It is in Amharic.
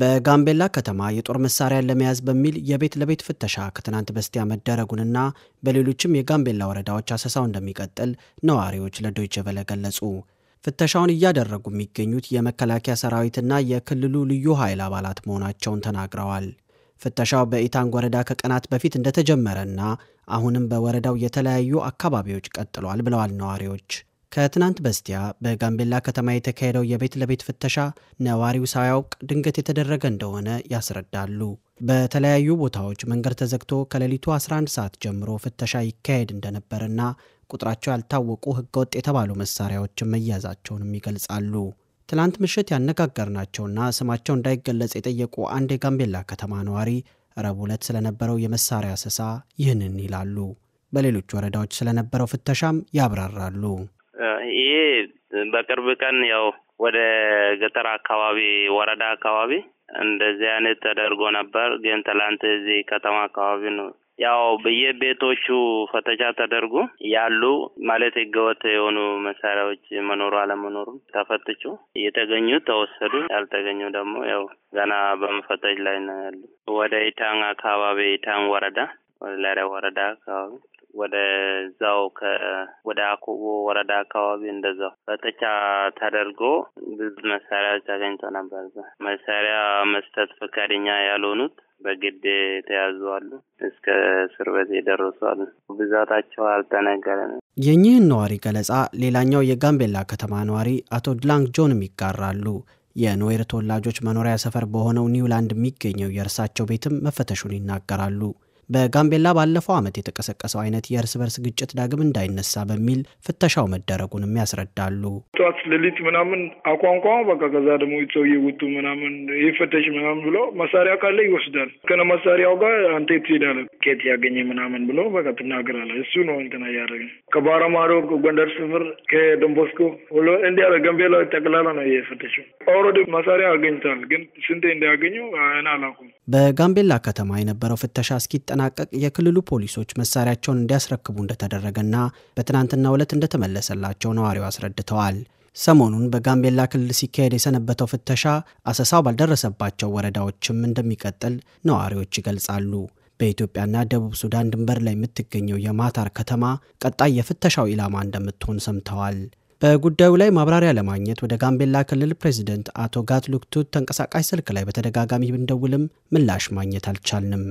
በጋምቤላ ከተማ የጦር መሳሪያን ለመያዝ በሚል የቤት ለቤት ፍተሻ ከትናንት በስቲያ መደረጉንና በሌሎችም የጋምቤላ ወረዳዎች አሰሳው እንደሚቀጥል ነዋሪዎች ለዶይቼ ቬለ ገለጹ። ፍተሻውን እያደረጉ የሚገኙት የመከላከያ ሰራዊትና የክልሉ ልዩ ኃይል አባላት መሆናቸውን ተናግረዋል። ፍተሻው በኢታንግ ወረዳ ከቀናት በፊት እንደተጀመረና አሁንም በወረዳው የተለያዩ አካባቢዎች ቀጥሏል ብለዋል ነዋሪዎች። ከትናንት በስቲያ በጋምቤላ ከተማ የተካሄደው የቤት ለቤት ፍተሻ ነዋሪው ሳያውቅ ድንገት የተደረገ እንደሆነ ያስረዳሉ። በተለያዩ ቦታዎች መንገድ ተዘግቶ ከሌሊቱ 11 ሰዓት ጀምሮ ፍተሻ ይካሄድ እንደነበርና ቁጥራቸው ያልታወቁ ህገወጥ የተባሉ መሳሪያዎችን መያዛቸውንም ይገልጻሉ። ትናንት ምሽት ያነጋገርናቸውና ስማቸው እንዳይገለጽ የጠየቁ አንድ የጋምቤላ ከተማ ነዋሪ ረቡዕ ዕለት ስለነበረው የመሳሪያ ስሳ ይህንን ይላሉ። በሌሎች ወረዳዎች ስለነበረው ፍተሻም ያብራራሉ። ይሄ በቅርብ ቀን ያው ወደ ገጠር አካባቢ ወረዳ አካባቢ እንደዚህ አይነት ተደርጎ ነበር። ግን ትላንት እዚህ ከተማ አካባቢ ነው ያው በየቤቶቹ ፈተሻ ተደርጎ ያሉ ማለት ህገወጥ የሆኑ መሳሪያዎች መኖሩ አለመኖሩ ተፈትቹ፣ እየተገኙ ተወሰዱ፣ ያልተገኙ ደግሞ ያው ገና በመፈተሽ ላይ ነው ያሉ። ወደ ኢታን አካባቢ ኢታን ወረዳ ወደ ወረዳ አካባቢ ወደዛው ወደ አኮቦ ወረዳ አካባቢ እንደዛው ፈተቻ ተደርጎ ብዙ መሳሪያዎች አገኝቶ ነበር። መሳሪያ መስጠት ፈቃደኛ ያልሆኑት በግድ የተያዙ አሉ። እስከ እስር ቤት የደረሱ አሉ። ብዛታቸው አልተነገረንም። የኚህን ነዋሪ ገለጻ ሌላኛው የጋምቤላ ከተማ ነዋሪ አቶ ድላንግ ጆንም ይጋራሉ። የኖዌር ተወላጆች መኖሪያ ሰፈር በሆነው ኒውላንድ የሚገኘው የእርሳቸው ቤትም መፈተሹን ይናገራሉ። በጋምቤላ ባለፈው ዓመት የተቀሰቀሰው አይነት የእርስ በርስ ግጭት ዳግም እንዳይነሳ በሚል ፍተሻው መደረጉንም ያስረዳሉ። ጠዋት ሌሊት ምናምን አቋንቋ በቃ ከዛ ደግሞ ሰውዬ ውጡ ምናምን ይፈተሽ ምናምን ብሎ መሳሪያ ካለ ይወስዳል። ከነ መሳሪያው ጋር አንተ ትሄዳለህ ኬት ያገኘ ምናምን ብሎ በቃ ትናገራለህ። እሱ ነው እንትና እያደረገ ከባረማሮ ጎንደር ስፍር ከደንቦስኮ ብሎ እንዲያለ ጋምቤላ ጠቅላላ ነው የፈተሽው። ኦልሬዲ መሳሪያ አገኝታል፣ ግን ስንቴ እንዲያገኙ እኔ አላውቅም። በጋምቤላ ከተማ የነበረው ፍተሻ እስኪጠ ሲጠናቀቅ የክልሉ ፖሊሶች መሳሪያቸውን እንዲያስረክቡ እንደተደረገና በትናንትናው ዕለት እንደተመለሰላቸው ነዋሪው አስረድተዋል። ሰሞኑን በጋምቤላ ክልል ሲካሄድ የሰነበተው ፍተሻ አሰሳው ባልደረሰባቸው ወረዳዎችም እንደሚቀጥል ነዋሪዎች ይገልጻሉ። በኢትዮጵያና ደቡብ ሱዳን ድንበር ላይ የምትገኘው የማታር ከተማ ቀጣይ የፍተሻው ኢላማ እንደምትሆን ሰምተዋል። በጉዳዩ ላይ ማብራሪያ ለማግኘት ወደ ጋምቤላ ክልል ፕሬዚደንት አቶ ጋት ቱት ተንቀሳቃሽ ስልክ ላይ በተደጋጋሚ ብንደውልም ምላሽ ማግኘት አልቻልንም።